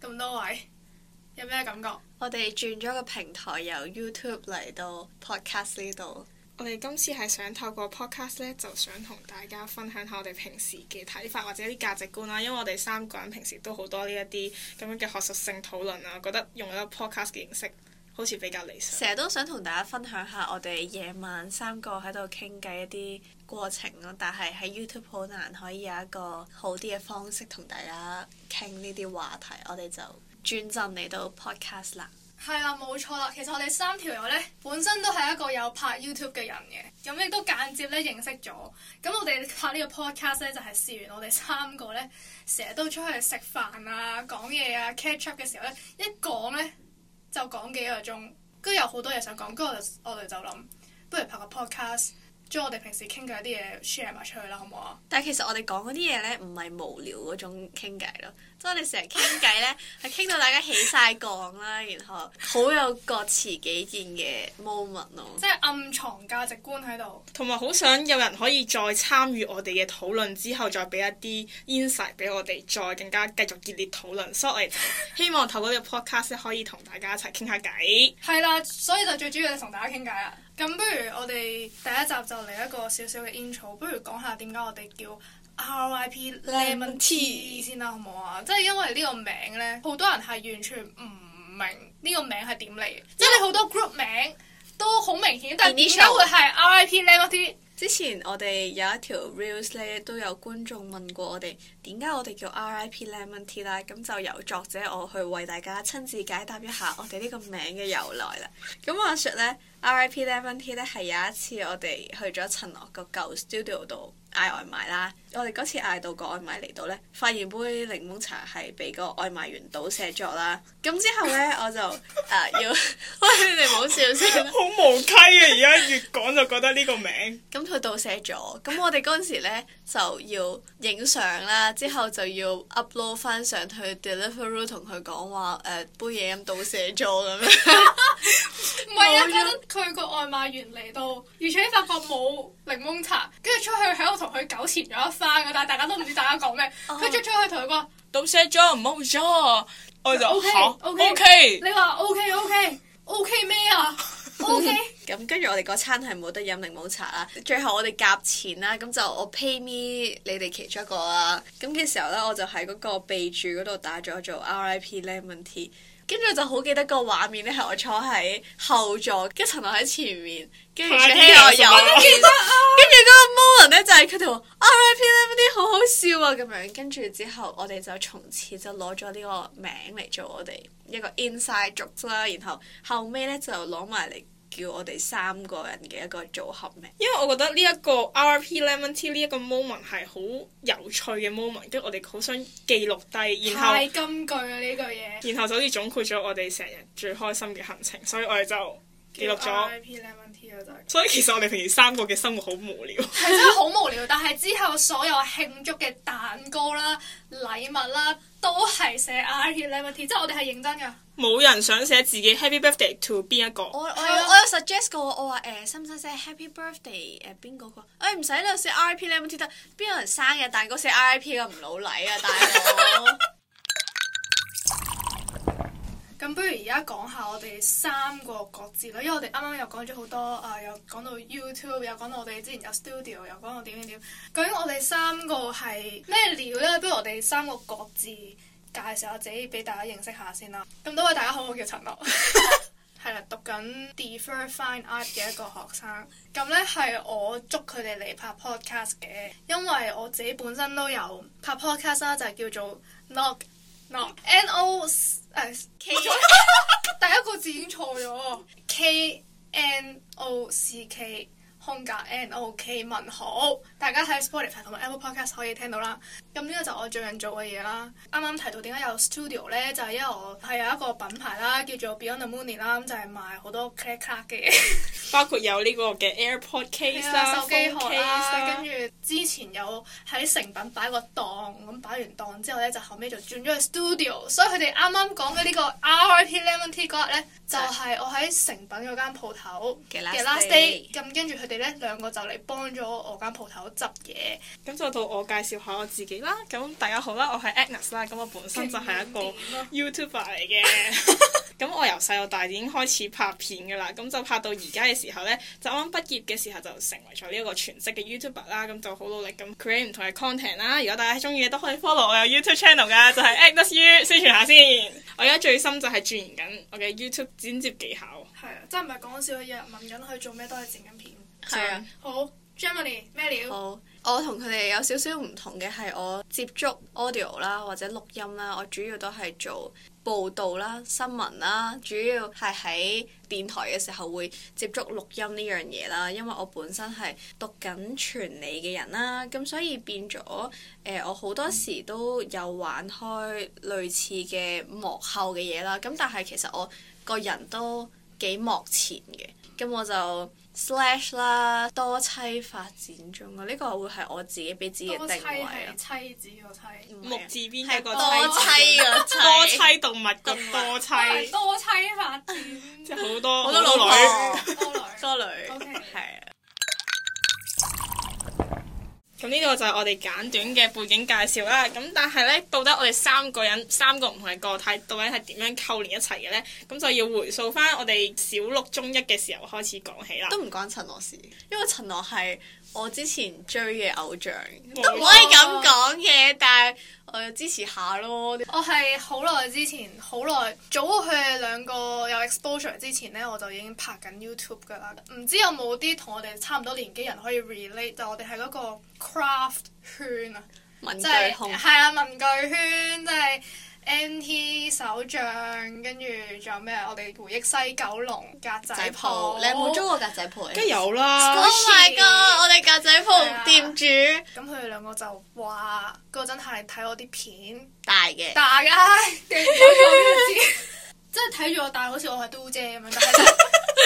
咁多位，有咩感覺？我哋轉咗個平台由，由 YouTube 嚟到 Podcast 呢度。我哋今次係想透過 Podcast 呢，就想同大家分享下我哋平時嘅睇法或者啲價值觀啦。因為我哋三個人平時都好多呢一啲咁樣嘅學術性討論啊，我覺得用一個 Podcast 嘅形式。好似比較理想，成日都想同大家分享下我哋夜晚三個喺度傾偈一啲過程咯。但係喺 YouTube 好難可以有一個好啲嘅方式同大家傾呢啲話題。我哋就轉陣嚟到 Podcast 啦。係啊，冇錯啦。其實我哋三條友咧，本身都係一個有拍 YouTube 嘅人嘅，咁亦都間接咧認識咗。咁我哋拍個呢個 Podcast 咧，就係、是、試完我哋三個咧，成日都出去食飯啊、講嘢啊、catch up 嘅時候咧，一講咧，就講幾個鐘，跟住有好多嘢想講，跟住我就我哋就諗，不如拍個 podcast。將我哋平時傾偈啲嘢 share 埋出去啦，好唔好啊？但係其實我哋講嗰啲嘢咧，唔係無聊嗰種傾偈咯。即係我哋成日傾偈咧，係傾 到大家起晒槓啦， 然後好有各持己見嘅 moment 咯。即係暗藏價值觀喺度。同埋好想有人可以再參與我哋嘅討論之後，再俾一啲 insight 俾我哋，再更加繼續熱烈討論。所以我哋希望透過呢個 podcast 可以同大家一齊傾下偈。係啦， 所以就最主要係同大家傾偈啦。咁不如我哋第一集就嚟一個小小嘅 intro，不如講下點解我哋叫 RIP Lemon Tea 先啦，啊，好唔好啊？即、就、係、是、因為呢個名呢，好多人係完全唔明呢個名係點嚟嘅。即係好多 group 名都好明顯，但係點解會係 RIP Lemon Tea？之前我哋有一條 reels 咧，都有觀眾問過我哋點解我哋叫 RIP Lemon Tea 啦，咁就由作者我去為大家親自解答一下我哋呢個名嘅由來啦。咁話說呢。Rip Lemon Tea 呢係有一次我哋去咗陳樂個舊 studio 度嗌外賣啦，我哋嗰次嗌到個外賣嚟到呢，發現杯檸檬茶係畀個外賣員倒瀉咗啦。咁之後呢，我就誒、 呃、要，喂你哋唔好笑先， 好無稽啊！而家越講就覺得呢個名。咁佢 倒瀉咗，咁我哋嗰陣時咧就要影相啦，之後就要 upload 翻上去 Deliveroo 同佢講話誒、呃、杯嘢飲倒瀉咗咁樣。 突然間，佢個、啊、外賣員嚟到，而且發覺冇檸檬茶，跟住出去喺度同佢糾纏咗一番。但係大家都唔知大家講咩。佢 出咗去同佢講，倒瀉咗，唔好咗。我就：okay, okay, okay.「o k o k o k 你話 OK，OK，OK 咩啊？OK。咁跟住我哋嗰餐係冇得飲檸檬茶啦。最後我哋夾錢啦，咁就我 pay me 你哋其中一個啦。咁嘅時候咧，我就喺嗰個備註嗰度打咗做 RIP lemon tea。跟住就好記得個畫面咧，係我坐喺後座，跟住陳樂喺前面，跟住我有，跟住嗰個 moment 咧，就係佢哋話 RIP M 啲好好笑啊咁樣。跟住之後，我哋就從此就攞咗呢個名嚟做我哋一個 inside joke 啦。然後後尾咧就攞埋嚟。叫我哋三個人嘅一個組合名，因為我覺得呢一個 Rip Lemon Tea 呢一個 moment 係好有趣嘅 moment，跟住我哋好想記錄低，然後太金句啦呢句嘢，這個、然後就好似總括咗我哋成日最開心嘅行程，所以我哋就。記錄咗 I.P. lemon t e 啊，叫叫 R. 就係。所以其實我哋平時三個嘅生活好無聊 係真係好無聊，但係之後所有慶祝嘅蛋糕啦、禮物啦，都係寫 I.P. lemon tea，即係我哋係認真㗎。冇人想寫自己 Happy birthday to 邊一個？我我有我有 suggest 過，我話誒，使唔使寫 Happy birthday 誒邊嗰個？誒唔使啦，寫 I.P. lemon tea 得。邊有人生日蛋糕寫 I.P. 啊？唔老禮啊，大佬。 咁不如而家講下我哋三個各自咯，因為我哋啱啱又講咗好多，啊又講到 YouTube，又講到我哋之前有 studio，又講到點點點。究竟我哋三個係咩料咧？不如我哋三個各自介紹下自己俾大家認識下先啦。咁多位大家好，我叫陳樂，係啦，讀緊 Fine Art 嘅一個學生。咁咧係我捉佢哋嚟拍 podcast 嘅，因為我自己本身都有拍 podcast 啦，就係叫做 Knock n o 諾諾 N O。誒，K，第一個字已經錯咗。K N O C K。空格 NOK 問好，大家喺 Spotify 同埋 Apple Podcast 可以聽到啦。咁呢個就我最近做嘅嘢啦。啱啱提到點解有 studio 咧，就係、是、因為我係有一個品牌啦，叫做 Beyond the Money o 啦，咁就係賣好多 h e a k c e a c k 嘅，嘢，包括有呢個嘅 AirPod case 啦、啊 嗯、手機殼啦、啊。跟住、啊、之前有喺成品擺個檔，咁擺完檔之後咧，就後尾就轉咗去 studio。所以佢哋啱啱講嘅呢個 Rip Lemon Tea 嗰日咧，就係、是、我喺成品嗰間鋪頭嘅 last day。咁跟住佢。我哋咧兩個就嚟幫咗我間鋪頭執嘢。咁就到我介紹下我自己啦。咁大家好啦，我係 Agnes 啦。咁我本身就係一個 YouTuber 嚟嘅。咁我由細到大已經開始拍片噶啦。咁就拍到而家嘅時候呢，就啱啱畢業嘅時候就成為咗呢一個全職嘅 YouTuber 啦。咁就好努力咁 create 唔同嘅 content 啦。如果大家中意嘅都可以 follow 我，我 YouTube channel 噶，就係、是、Agnes U 宣 傳下先。我而家最深就係鑽研緊我嘅 YouTube 剪接技巧。係啊，真唔係講笑啊！日日問緊佢做咩，都係剪緊片。係啊，好 Germany 咩料？Germany，好，我點點同佢哋有少少唔同嘅係我接觸 audio 啦，或者錄音啦，我主要都係做報道啦、新聞啦，主要係喺電台嘅時候會接觸錄音呢樣嘢啦。因為我本身係讀緊傳理嘅人啦，咁所以變咗誒、呃，我好多時都有玩開類似嘅幕後嘅嘢啦。咁但係其實我個人都幾幕前嘅。咁我就 slash 啦，多妻發展中啊！呢，這個會係我自己俾自己嘅定位啊。妻，妻子妻、啊、個妻子，木字邊一個多妻個多妻動物個多妻，多妻發展即係好多好 多，多老女， 多女係。咁呢個就係我哋簡短嘅背景介紹啦。咁但係呢，到底我哋三個人三個唔同嘅個體，到底係點樣扣連一齊嘅呢？咁就要回溯翻我哋小六中一嘅時候開始講起啦。都唔關陳樂事，因為陳樂係。我之前追嘅偶像都唔可以咁講嘅，錯但係我支持下咯。 我係好耐之前，好耐早佢哋兩個有 exposure 之前呢，我就已經拍緊 YouTube 噶啦。唔知有冇啲同我哋差唔多年紀人可以 relate？但我哋係嗰個 craft 圈啊，文具、即係、啊，即係係啊文具圈，即係。NT 手杖，跟住仲有咩？我哋回憶西九龍格仔鋪，仔你有冇租過格仔鋪？梗有啦！Oh my god！我哋格仔鋪店主，咁佢哋兩個就話嗰陣係睇我啲片大嘅的，大嘅， 真係睇住我大好似我係 Do 姐咁樣。但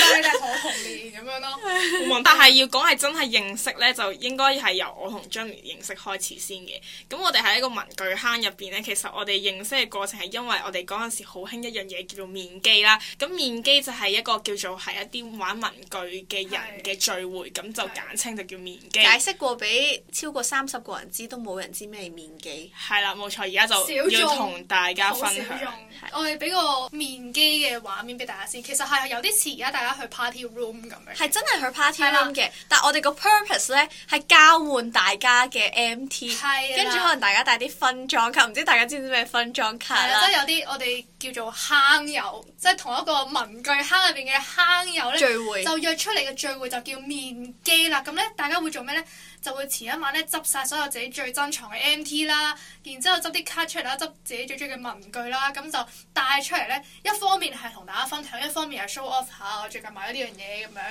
我同面咁樣咯，但係要講，係真係認識呢，就應該係由我同 Jenny、er、認識開始先嘅。咁我哋喺一個文具坑入邊呢，其實我哋認識嘅過程係因為我哋嗰陣時好興一樣嘢叫做面基啦。咁面基就係一個叫做係一啲玩文具嘅人嘅聚會，咁對就簡稱就叫面基。解釋過俾超過三十個人知都冇人知咩係面基。係啦，冇錯，而家就要同用大家分享。小小對我哋俾個面基嘅畫面俾大家先，其實係有啲似而家大家。去 party room 咁樣，係真係去 party room 嘅。了但係我哋個 purpose 呢，係交換大家嘅 MT，了跟住可能大家帶啲分裝卡，唔知大家知唔知咩分裝卡啦？即係有啲我哋叫做坑友，即係同一個文具坑入邊嘅坑友呢，聚會就約出嚟嘅聚會就叫面基啦。咁呢，大家會做咩呢？就會前一晚咧執晒所有自己最珍藏嘅 MT 啦，然之後執啲卡出嚟啦，執自己最中意嘅文具啦，咁就帶出嚟咧。一方面係同大家分享，一方面係 show off 下我最近買咗呢樣嘢咁樣。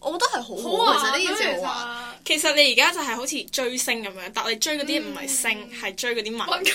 我覺得係好好啊！呢樣嘢其實你而家就係好似追星咁樣，但你追嗰啲唔係星，係追嗰啲文具。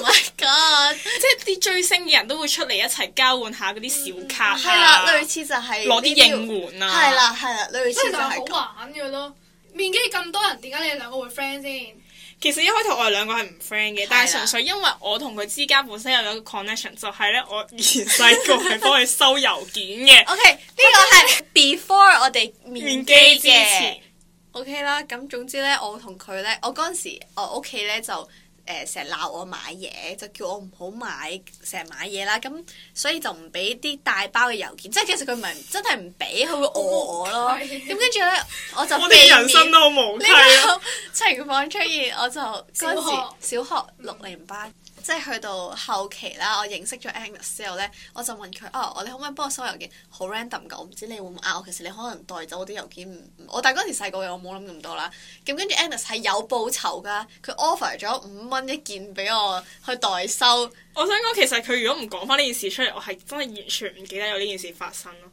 My God！即係啲追星嘅人都會出嚟一齊交換下嗰啲小卡。係啦，類似就係攞啲應援啊。係啦，係啦，類似就係好玩嘅咯。面基咁多人，點解你哋兩個會 friend 先？其實一開頭我哋兩個係唔 friend 嘅，的但係純粹因為我同佢之間本身有一個 connection，就係咧，我以前細個係幫佢收郵件嘅。 OK，呢個係 before 我哋面基嘅。OK 啦，咁總之咧，我同佢咧，我嗰陣時我屋企咧就。誒成日鬧我買嘢，就叫我唔好買，成日買嘢啦，咁所以就唔俾啲大包嘅郵件，即係其實佢唔係真係唔俾，佢會餓我咯。咁跟住呢，我就呢個、啊、 情況出現，我就嗰陣小學六年、嗯、班。即係去到後期啦，我認識咗 a n e x 之後呢，我就問佢：哦，你可唔可以幫我收我郵件？好 random 我唔知你會唔會啊？其實你可能代走嗰啲郵件，唔，我但係嗰時細個嘅，我冇諗咁多啦。咁跟住 a n e x 係有報酬㗎，佢 offer 咗五蚊一件俾我去代收。我想講，其實佢如果唔講翻呢件事出嚟，我係真係完全唔記得有呢件事發生咯。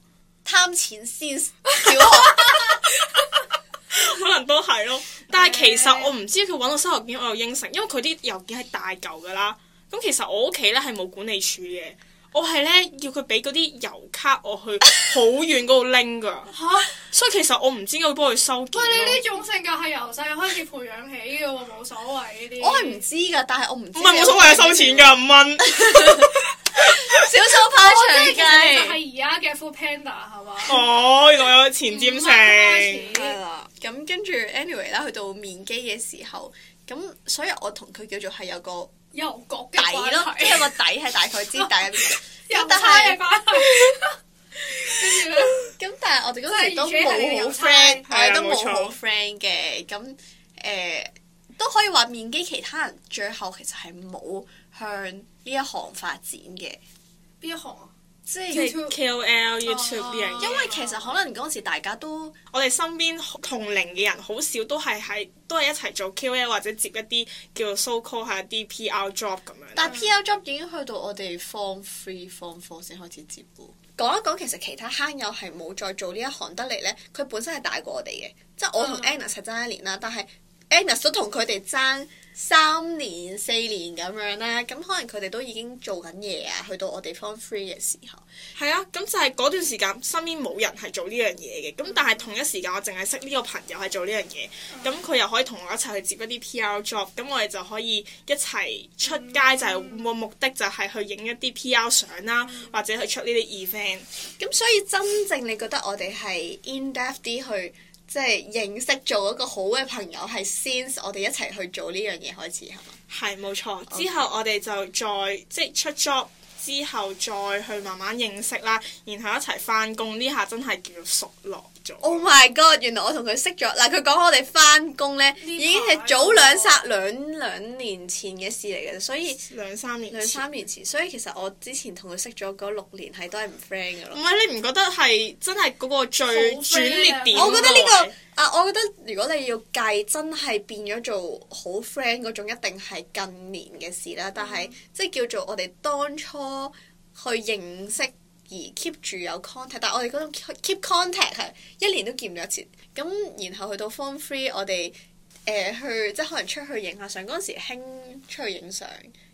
貪錢先，小學。 可能都係咯，但係其實我唔知佢搵我收郵件，我又應承，因為佢啲郵件係大舊噶啦。咁其實我屋企呢係冇管理處嘅，我係呢要佢俾嗰啲郵卡我去好遠嗰度拎噶。 啊，所以其實我唔知點解會幫佢收。喂，你呢種性格係由細開始培養起嘅，冇所謂呢啲。我係唔知噶，但係我唔知。唔係冇所謂，收錢噶五蚊。小數怕長計係而家嘅 Food Panda 係嘛？哦，原來有前瞻性。咁跟住，anyway 啦，去到面基嘅時候，咁所以我同佢叫做係有個有個底咯，係即係個底係大概知底。又猜翻去，跟住咁，但係我哋嗰時都冇好 friend，誒都冇好 friend 嘅，咁誒、呃、都可以話面基其他人最後其實係冇向呢一行發展嘅。邊一行？啊？即係 KOL，YouTube 因為其實可能嗰時大家都 我哋身邊同齡嘅人好少都係喺都係一齊做 KOL 或者接一啲叫做 so call 下一啲 PR job 咁樣。 但係 PR job 已經去到我哋 form three form four 先開始接喎。講一講其實其他坑友係冇再做呢一行得嚟呢。佢本身係大過我哋嘅，即係我同 Anna 係爭一年啦， 但係 Anna 都同佢哋爭。三年四年咁樣啦，咁可能佢哋都已經做緊嘢啊！去到我哋 form three 嘅時候，係啊，咁就係嗰段時間身邊冇人係做呢樣嘢嘅，咁但係同一時間我淨係識呢個朋友係做呢樣嘢，咁佢又可以同我一齊去接一啲 PR job，咁我哋就可以一齊出街，就個、是、目的就係去影一啲 PR 相啦，或者去出呢啲 event。咁、嗯嗯、所以真正你覺得我哋係 in depth 啲去？即係認識做一個好嘅朋友係先，我哋一齊去做呢樣嘢開始係嘛？係冇錯，之後我哋就再 Okay. 即係出 job 之後再去慢慢認識啦，然後一齊翻工呢下真係叫做熟絡。Oh my god！原來我同佢識咗嗱，佢、啊、講我哋返工呢，已經係早兩三兩兩年前嘅事嚟嘅，所以兩三年前兩三年前，所以其實我之前同佢識咗嗰六年係都係唔 friend 嘅咯。唔係你唔覺得係真係嗰個最轉捩點？ 我覺得呢、呢個啊，我覺得如果你要計真係變咗做好 friend 嗰種，一定係近年嘅事啦。但係、mm hmm. 即係叫做我哋當初去認識。而 keep 住有 contact，但係我哋嗰種 keep contact 係一年都見唔到一次。咁然後去到 form three，我哋誒、呃、去即係可能出去影下相，嗰陣時興出去影相，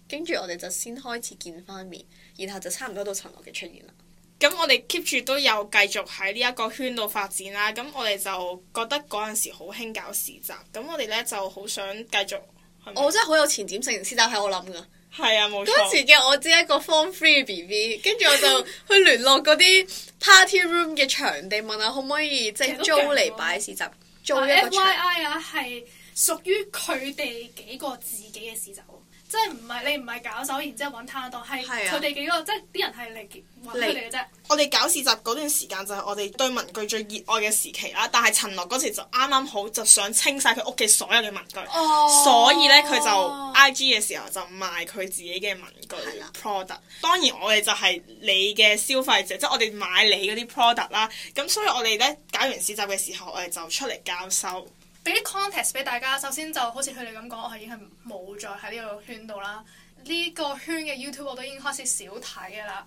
跟住我哋就先開始見翻面，然後就差唔多到陳樂嘅出現啦。咁我哋 keep 住都有繼續喺呢一個圈度發展啦。咁我哋就覺得嗰陣時好興搞市集。咁我哋咧就好想繼續。係咪我真係好有前瞻性，試但喺我諗㗎。係啊，冇錯，嗰時嘅我只係一個 form three 嘅 B B，跟住我就去聯絡嗰啲 party room 嘅場地， 問下可唔可以即係租嚟擺市集， 做一個場，FYI 啊，係屬於佢哋幾個自己嘅市集。即係唔係你唔係搞手，然之後揾太多，係佢哋幾個，啊、即係啲人係嚟揾佢哋嘅啫。你我哋搞市集嗰段時間就係我哋對文具最熱愛嘅時期啦。但係陳樂嗰時就啱啱好就想清晒佢屋企所有嘅文具，哦、所以呢，佢就 I G 嘅時候就賣佢自己嘅文具 product、哦。當然我哋就係你嘅消費者，即、就、係、是、我哋買你嗰啲 product 啦。咁所以我哋呢，搞完市集嘅時候，我哋就出嚟交收。俾啲 context 俾大家，首先就好似佢哋咁講，我係已經係冇再喺呢個圈度啦。呢、呢個圈嘅 YouTube 我都已經開始少睇嘅啦。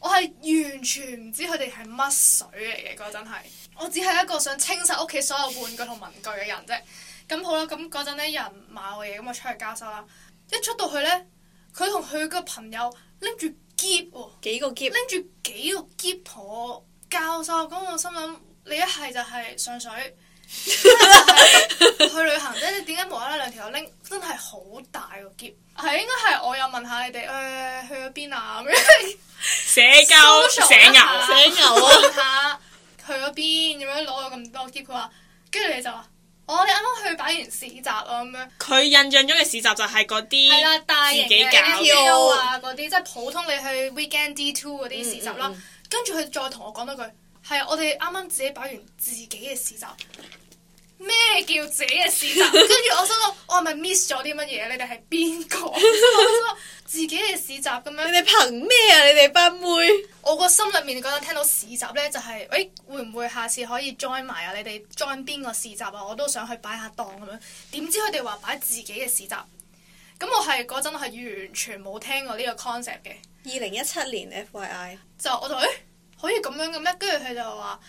我係完全唔知佢哋係乜水嚟嘅嗰陣係，我只係一個想清曬屋企所有玩具同文具嘅人啫。咁好啦，咁嗰陣有人買我嘢，咁我出去交收啦。一出到去咧，佢同佢嘅朋友拎住夾喎，哦、幾個夾，拎住幾個夾同我交收，咁我心諗你一係就係上水， 去旅行啫，你點解無啦啦兩條友拎？真係好大個篋，係、啊、應該係我又問下你哋誒、哎，去咗邊啊？咁 樣社交、寫牛、寫牛 啊！問下去咗邊，咁樣攞咗咁多個篋，佢話跟住你就話，我哋啱啱去擺完市集啊？咁樣，佢印象中嘅市集就係嗰啲係啦，大型嘅，啊，嗰啲即係普通你去 weekend D two 嗰啲市集啦。嗯嗯、跟住佢再同我講多句，係我哋啱啱自己擺完自己嘅市集。咩叫自己嘅市集？跟住 我諗到，我係咪 miss 咗啲乜嘢？你哋係邊個？ 我自己嘅市集咁樣。你哋憑咩啊？你哋班妹，妹。我個心裡面嗰陣聽到市集呢、就是，就係，喂，會唔會下次可以 join 埋啊？你哋 join 邊個市集啊？我都想去擺下檔咁樣。點知佢哋話擺自己嘅市集。咁我係嗰陣係完全冇聽過呢個 concept 嘅。二零一七年，F Y I。就我就誒、欸，可以咁樣嘅咩？跟住佢就話。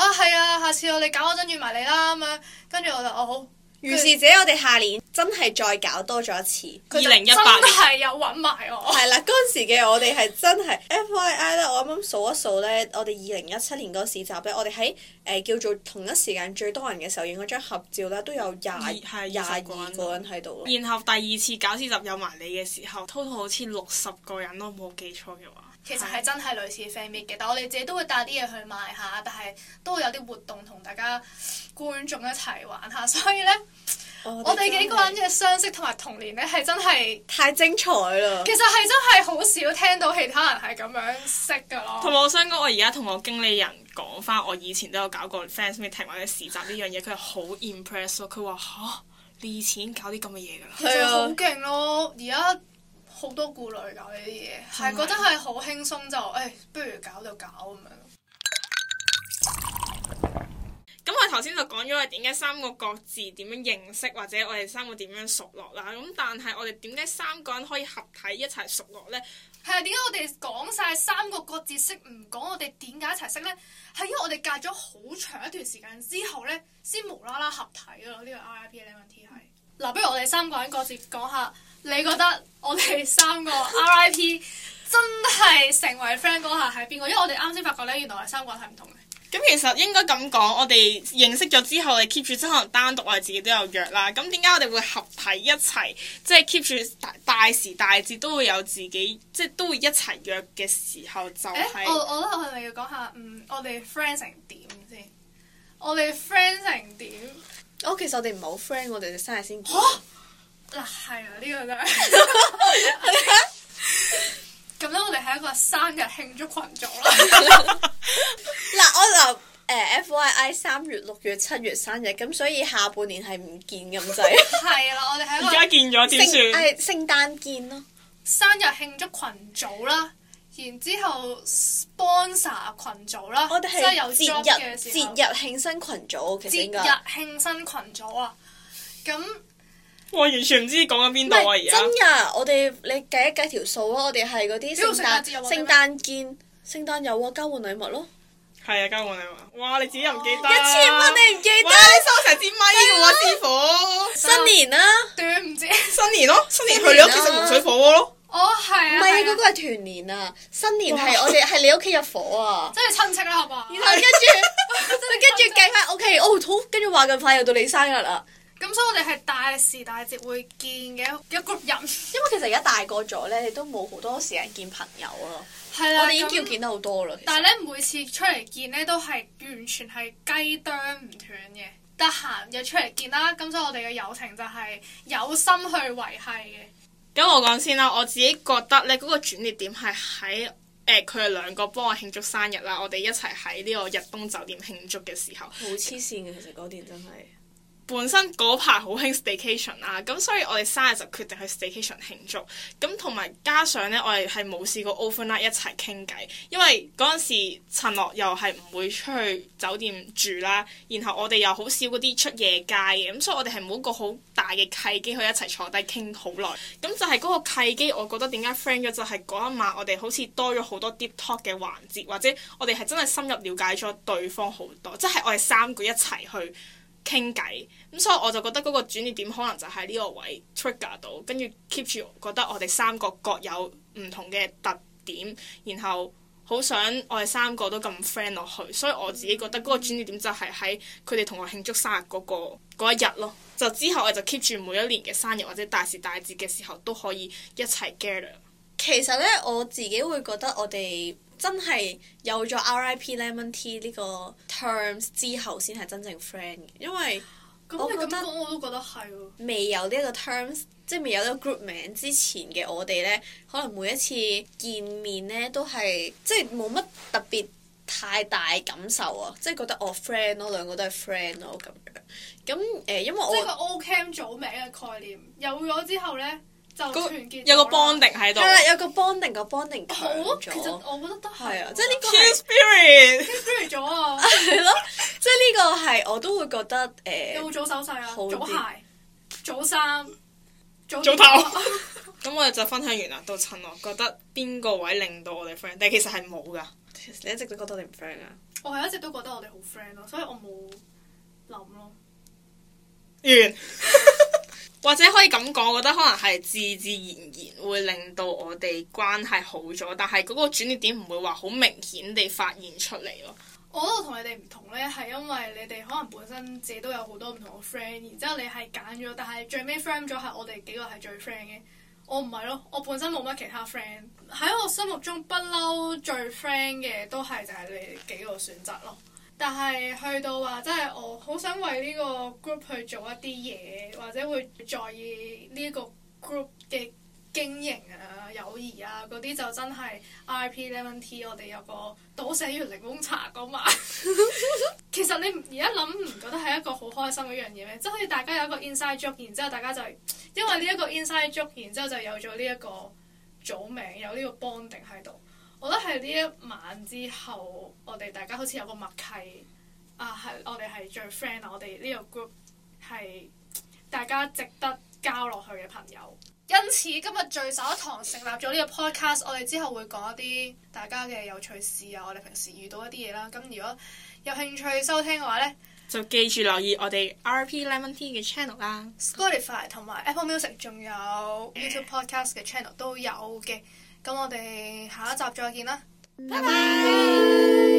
啊，係啊！下次我哋搞我真住埋你啦，咁樣，跟住我就哦，好，於是者我哋下年真係再搞多咗一次，二零一八年係又揾埋我。係啦 、啊，嗰時嘅我哋係真係。 FYI 啦，我啱啱數一數呢，我哋二零一七年嗰次市集咧，我哋喺誒叫做同一時間最多人嘅時候影嗰張合照咧，都有廿廿二個人喺度。然後第二次搞市集有埋你嘅時候，total 好似六十個人咯，冇記錯嘅話。其實係真係類似 family 嘅，但我哋自己都會帶啲嘢去賣下，但係都會有啲活動同大家觀眾一齊玩下，所以呢，我哋幾個人嘅相識同埋童年呢，係真係太精彩啦！其實係真係好少聽到其他人係咁樣識嘅咯。同埋我想講，我而家同我經理人講返，我以前都有搞過 fans meeting 或者市集呢樣嘢，佢係好 impressed 咯。佢話、吓、你以前搞啲咁嘅嘢㗎啦，好勁咯！而家。好多顧慮搞呢啲嘢，係覺得係好輕鬆就，誒，不如搞就搞咁樣。咁 我頭先就講咗我哋點解三個各自點樣認識，或者我哋三個點樣熟落啦。咁但係我哋點解三個人可以合體一齊熟落呢？係點解我哋講晒三個各自識，唔講我哋點解一齊識呢？係因為我哋隔咗好長一段時間之後呢，先無啦啦合體咯。呢個 RIP 嘅問題係。嗯嗱、啊，不如我哋三個人各自講下，你覺得我哋三個 RIP 真係成為 friend 嗰下係邊個？因為我哋啱先發覺咧，原來我哋三個係唔同嘅。咁其實應該咁講，我哋認識咗之後，我哋 keep 住即可能單獨，我哋自己都有約啦。咁點解我哋會合體一齊？即係 keep 住大時大節都會有自己，即係都會一齊約嘅時候就係。欸。我我覺得係咪要講下？嗯，我哋 friend 成點先？我哋 friend 成點？我、哦、其實我哋唔係好 friend，我哋只生日先見。嗱係啊，呢、啊啊呢個真係咁啦，我哋係一個生日慶祝群組啦。嗱，我就 F Y I 三月、六月、七月生日，咁所以下半年係唔見咁滯。係 啦 啊，我哋喺而家見咗點算？係聖誕，誕見咯， 生日慶祝群組啦。然之後 sponsor 群組啦，我哋係有 job 節日、節日慶生群組，其實應節日慶生群組啊。咁我完全唔知講緊邊度啊！而家真噶，我哋你計一計條數咯，嗯、我哋係嗰啲聖誕聖誕見、聖誕有啊，交換禮物咯。係啊，交換禮物。哇！你自己又唔記得、啊、一千蚊你唔記得、啊，收成支咪我師傅。新年啦，對唔知。新年咯，新年去你屋企食水火鍋咯。哦，係啊！唔係啊，嗰個係團年啊，新年係我哋係你屋企入伙啊，即係親戚啦，係嘛？然後跟住，跟住計翻 OK 哦，好跟住話咁快又到你生日啦。咁所以，我哋係大時大節會見嘅一個人。因為其實而家大個咗咧，你都冇好多時間見朋友咯。係啦，我哋已經要見得好多啦。但係咧，每次出嚟見咧，都係完全係雞啄唔斷嘅。得閒就出嚟見啦。咁所以，我哋嘅友情就係有心去維繫嘅。咁、嗯、我講先啦，我自己覺得咧，嗰個轉捩點係喺誒佢哋兩個幫我慶祝生日啦，我哋一齊喺呢個日東酒店慶祝嘅時候。好黐線嘅，其實嗰段真係。本身嗰排好興 staycation 啦，咁所以我哋生日就決定去 staycation 慶祝，咁同埋加上呢，我哋係冇試過 overnight 啦，一齊傾偈，因為嗰陣時陳樂又係唔會出去酒店住啦，然後我哋又好少嗰啲出夜街嘅，咁所以我哋係冇一個好大嘅契機去一齊坐低傾好耐。咁就係嗰個契機，我覺得點解 friend 咗就係嗰一晚，我哋好似多咗好多 deep talk 嘅環節，或者我哋係真係深入了解咗對方好多，即係我哋三個一齊去。傾偈咁，所以我就覺得嗰個轉折點可能就喺呢個位 trigger 到，跟住 keep 住覺得我哋三個各有唔同嘅特點，然後好想我哋三個都咁 friend 落去，所以我自己覺得嗰個轉折點就係喺佢哋同我慶祝生日嗰個嗰一日咯，就之後我就 keep 住每一年嘅生日或者大時大節嘅時候都可以一齊 gather。其實呢，我自己會覺得我哋。真係有咗 Rip Lemon Tea 呢個 terms 之後，先係真正 friend 嘅，因為我覺得我都覺得係未有呢個 terms，即係未有呢個 group 名之前嘅我哋呢，可能每一次見面呢都係即係冇乜特別太大感受啊！即係覺得我 friend 咯，兩個都係 friend 咯咁樣。咁誒、呃，因為我即係個 Ocamp 組名嘅概念有咗之後呢。個有個 bonding 喺度，係啦，有個 bonding 個 bonding 好，其實我覺得都係啊，即係呢個係。spirit spirit 咗啊！係咯，即係呢個係我都會覺得誒。有冇早手勢啊？早鞋、早衫、早頭。咁我哋就分享完啦，到親我覺得邊個位令到我哋 friend？但係其實係冇噶，你一直都覺得你唔 friend 噶。我係一直都覺得我哋好 friend 咯，所以我冇諗咯。完。或者可以咁講，我覺得可能係自自然然會令到我哋關係好咗，但係嗰個轉捩點唔會話好明顯地發現出嚟咯。我，我都同你哋唔同呢，係因為你哋可能本身自己都有好多唔同嘅 friend，然之後你係揀咗，但係最尾 friend 咗係我哋幾個係最 friend 嘅。我唔係咯，我本身冇乜其他 friend，喺我心目中不嬲最 friend 嘅都係就係你哋幾個選擇咯。但係去到話，真係我好想為呢個 group 去做一啲嘢，或者會在意呢個 group 嘅經營啊、友誼啊嗰啲，就真係 Rip Lemon Tea 我哋有個倒瀉月檸檬茶嗰晚。 其實你而家諗唔覺得係一個好開心嘅一樣嘢咩？即係好似大家有一個 inside joke，然之後大家就因為呢一個 inside joke，然之後就有咗呢一個組名，有呢個 bonding 喺度。我覺得係呢一晚之後，我哋大家好似有個默契啊，係我哋係最 friend，我哋呢個 group 係大家值得交落去嘅朋友。因此今日聚首一堂，成立咗呢個 podcast，我哋之後會講一啲大家嘅有趣事啊，我哋平時遇到一啲嘢啦。咁如果有興趣收聽嘅話呢，就記住留意我哋 Rip Lemon Tea 嘅 channel 啦，Spotify 同埋 Apple Music 仲有 YouTube podcast 嘅 channel 都有嘅。咁我哋下一集再見啦，拜拜。